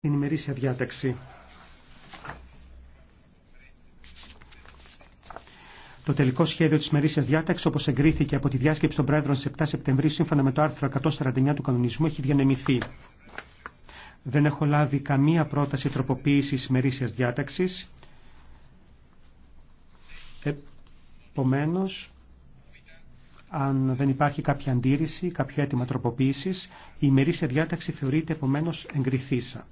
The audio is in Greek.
την ημερήσια διάταξη. Το τελικό σχέδιο της ημερήσια διάταξη όπως εγκρίθηκε από τη διάσκεψη των πρέδρων στις 7 Σεπτεμβρίου, σύμφωνα με το άρθρο 149 του κανονισμού, έχει διανεμηθεί. Δεν έχω λάβει καμία πρόταση τροποποίησης ημερήσια διάταξη. Επομένω, αν δεν υπάρχει κάποια αντίρρηση, κάποιο αίτημα τροποποίηση, η ημερήσια διάταξη θεωρείται επομένω εγκριθήσα.